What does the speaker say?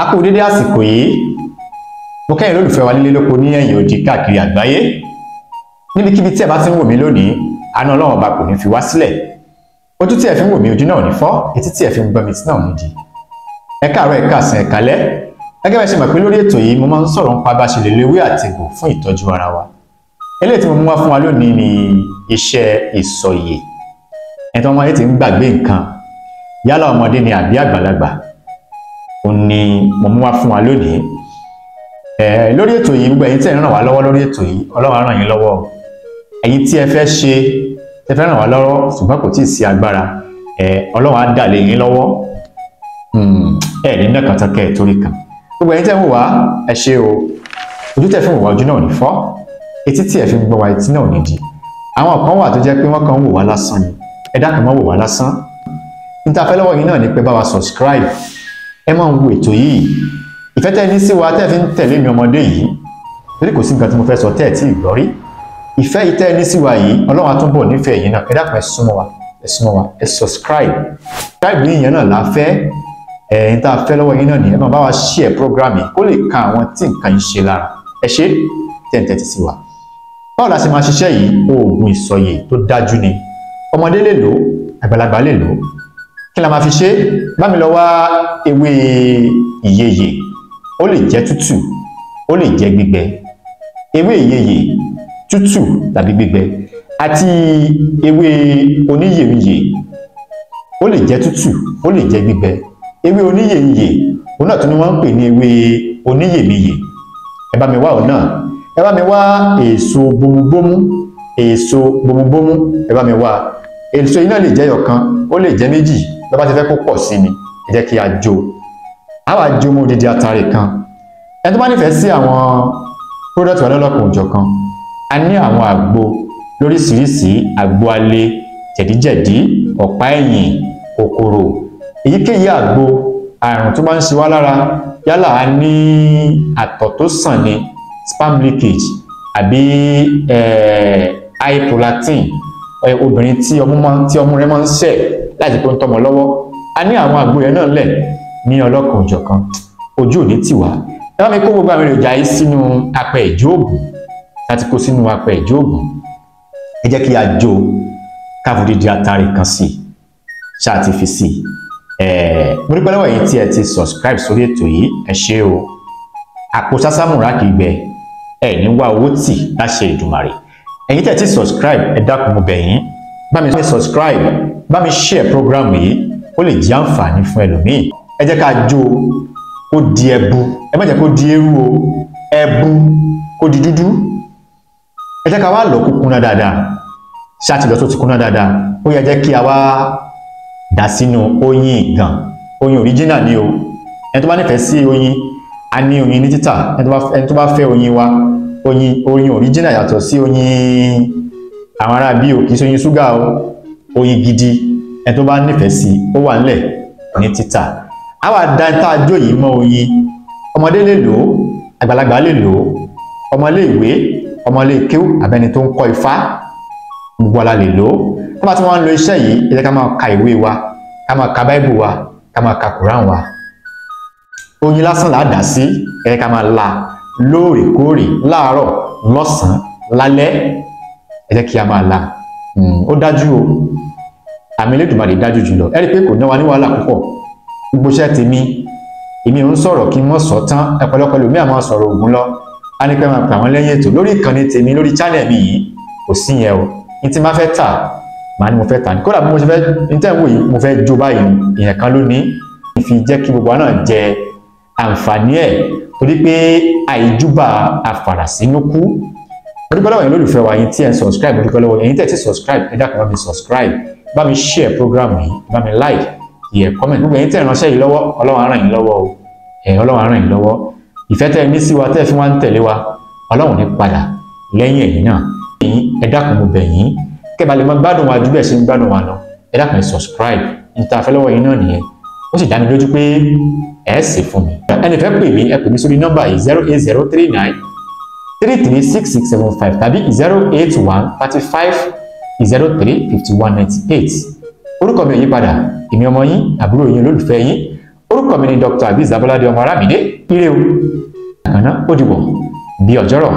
a kú dédé àsìkò yìí mo kẹ́yìn lólùfẹ́ wa nílé lóko ní ẹ̀yìn òdì káàkiri àgbáyé níbikíbi tí ẹ bá ti ń wò mí lónìí àánú ọlọ́run ọba kò ní fi wá sílẹ̀ ojú tí ẹ fi ń wò mí ojú náà ní fọ́ etí tí ẹ fi ń gbọ́ mi etí náà ní di ẹ káàárọ̀ ẹ káàsán ẹ kálẹ́ gẹ́gẹ́ bá ṣe mọ̀ pé lórí ètò yìí mo máa ń sọ̀rọ̀ nípa bá ṣe lè lo ewé àtegbò fún ìtọ́jú ara wa eléyìí tí mo mú wá fún wa lónìí ni iṣẹ́ ìsọ̀yè ẹni tí wọ́n máa ń gbàgbé nǹkan yálà ọmọdé ni àbí àgbàlagbà òun ni mo mú wá fún wa lónìí lórí ètò yìí gbogbo ẹ̀yin tí ẹ ń ràn wá lọ́wọ́ lórí ètò yìí Ọlọ́run á ràn yín lọ́wọ́ ẹ̀yin tí ẹ fẹ́ ṣe ẹ fẹ́ ràn wá lọ́wọ́ ṣùgbọ́n kò tí ì sí agbára Ọlọ́run á dà lé yín lọ́wọ́ hmm, ẹ ní náà kàtà kẹ ẹ torí kan gbogbo ẹ̀yin tí ẹ ń wò wá ẹ ṣe o ojú tẹ́ fi ń ojú náà ní fọ́ etí tí ẹ fi ń wá etí náà ní di àwọn kan wà tó jẹ́ pé wọ́n kàn ń wò wá lásán ni ẹ dákun mọ́ wò wá lásán níta fẹ́ lọ́wọ́ yín náà ni pé bá wa subscribe ẹ máa ń wo ètò yìí ìfẹ́ tẹ́ ní sí wa tẹ́ fi ń tẹ̀lé mi ọmọdé yìí torí kò sí nǹkan tí mo fẹ́ sọ tẹ́ ẹ̀ tí ì gbọ́ rí ìfẹ́ yìí tẹ́ ní sí wa yìí ọlọ́run àtúbọ̀ nífẹ̀ẹ́ yìí náà ẹ dákun ẹ súnmọ́ wa ẹ súnmọ́ wa ẹ subscribe subscribe ní ìyẹn náà la fẹ́ ẹ̀yin tá a fẹ́ lọ́wọ́ yín náà nìyẹn máa bá wa share program yìí kó lè ka àwọn tí nǹkan yìí ṣe lára ẹ ṣe tẹ̀ǹtẹ̀ ti sí wa báwo la ṣe máa ṣiṣẹ́ yìí oògùn ìsọyè tó dájú ni ọmọdé lè lò àgbàlagbà lè lò kí la máa fi ṣe bá mi lọ wá ewé ìyeyè ó lè jẹ́ tútù ó lè jẹ́ gbígbẹ ewé ìyeyè tútù tàbí gbígbẹ àti ewé oníyèmíyè ó lè jẹ́ tútù ó lè jẹ́ gbígbẹ ewé oníyèmíyè òun náà tún ni wọ́n ń pè ní ewé oníyèmíyè ẹ bá mi wá òun náà ẹ bá mi wá èso bomubomu èso bomubomu ẹ bá mi wá èso yìí náà lè jẹ́ ẹyọ̀kan ó lè jẹ́ méjì ló bá ti fẹ́ kó pọ̀ sí mi ẹ jẹ́ kí a jó a wá jó mú odidi atare kan ẹni tó bá nífẹ̀ẹ́ sí àwọn product wọn lọ́lọ́kùn òjọ̀ kan a ní àwọn àgbo lóríṣiríṣi àgbo alẹ́ jẹ̀díjẹ̀dí ọ̀pá ẹ̀yìn kòkòrò èyíkéyìí àgbo àrùn tó bá ń ṣe wá lára yálà a ní àtọ̀ tó sàn ni sperm leakage àbí eh, high prolactin eh, obìnrin tí ọmú rẹ̀ máa ń ṣẹ̀ láti tó ń tọmọ lọ́wọ́ a ní àwọn àgbo yẹn náà lẹ̀ ní ọlọ́kan òjọ̀kan ojú òní tì wá ẹ bá mi kó gbogbo àwọn èròjà yìí sínú apẹ ìjó òògùn láti kó sínú apẹ ìjó ẹ jẹ́ kí a jó káfíńdídì atari kan sí i ṣáà ti fi sí i mo dúpẹ́ lọ́wọ́ yìí tí ẹ ti subscribe sórí ètò yìí ẹ ṣé o àpò sásámùrà kì í gbẹ ẹ ní wá owó tì láṣẹ Èdùmàrè ẹ̀yin tẹ̀ ti subscribe ẹ dákun mo bẹ̀ bá mi subscribe bá mi share program yìí ó lè jẹ́ àǹfààní fún ẹlòmíì ẹ jẹ́ ká jó kó di ẹbu ẹ má jẹ́ kó di eérú o ẹbu kó di dúdú ẹ jẹ́ ká wá lọ kó kúnná dáadáa ṣáà ti lọ tó ti kúnná dáadáa ó yẹ jẹ́ kí a wá dà sínú oyin ìgàn oyin original ni o ẹni tó bá nífẹ̀ẹ́ sí oyin a ní oyin ní títà ẹni tó bá fẹ́ oyin wa oyin oyin original yàtọ̀ sí oyin àwọn ará bí òkè sóyin ṣúgà o oyin gidi ẹni tó bá nífẹ̀ẹ́ sí ó wà nílẹ̀ ní títà a wà da ẹni tá a jó yìí mọ́ oyin ọmọdé lè lò ó àgbàlagbà lè lò ó ọmọléèwé ọmọléèkéw àbẹ́ni tó ń kọ́ ifá gbogbo ala lè lò ó tó bá tí wọ́n lo iṣẹ́ yìí ẹ ká máa ka ìwé wa ká máa ka báíbù wa ká máa ka kùrán wa oyin lásán là á dà sí ẹ ká máa la lóòrèkóòrè láàárọ̀ lọ́sàn-án lálẹ́ ẹ jẹ́ kí a máa la hmm, ó dájú o àmì Elédùmarè dájú jùlọ ẹ rí i pé kò ná wa ní wàhálà púpọ̀ gbogbo iṣẹ́ tèmi èmi ò ń sọ̀rọ̀ kí wọ́n sọ tán ẹ̀pọ̀lọpọ̀ lómi àmọ́ sọ̀rọ̀ ògùn lọ a ní pẹ́ máa pè àwọn lẹ́yìn ètò lórí ìkànnì tèmi lórí channel mi yìí kò sí yẹn o ní tí máa fẹ́ tà màá ní mo fẹ́ tà ní kódà bí mo ṣe fẹ́ ní tẹ́ ń wò yìí mo fẹ́ jó báyìí ìyẹn kan ló fi jẹ́ kí gbogbo náà jẹ àǹfààní ẹ̀ torí pé àìjúbà àfàràsínúkú ọdúpẹ́ lọ́wọ́ yẹn lólùfẹ́ wa yín tí ẹ̀ ń subscribe ọdúpẹ́ lọ́wọ́ yẹn tẹ̀ ti subscribe ẹ dákun bá mi subscribe bá mi share program yìí bá mi like yẹ comment gbogbo yẹn tẹ̀ ránṣẹ́ yìí lọ́wọ́ ọlọ́run á ràn yín lọ́wọ́ o ẹ̀ ọlọ́run á ràn yín lọ́wọ́ ìfẹ́ tẹ́ ẹ ní sí wa tẹ́ ẹ fi wá ń tẹ̀lé wa ọlọ́run ní padà lẹ́yìn ẹ̀yìn náà ẹ dákun mo bẹ̀ yín kẹ́ bá lè gbádùn wa ju bẹ́ẹ̀ ṣe ń gbádùn wa lọ ẹ dákun ẹ subscribe n ta fẹ́ lọ́wọ́ yín náà nìyẹn ó sì dá mi lójú pé ẹ ṣe fún mi ẹnì fẹ́ zero eight zero three nine three three six six seven five tàbí zero eight one thirty five zero three fifty one ninety eight orúkọ mi ò yí padà èmi ọmọ yín àbúrò yín olólùfẹ́ yín orúkọ mi ni dr abiz abolade ọmọ arámidé ire o àkànná ó dìbò bí ọjọ́rọ̀.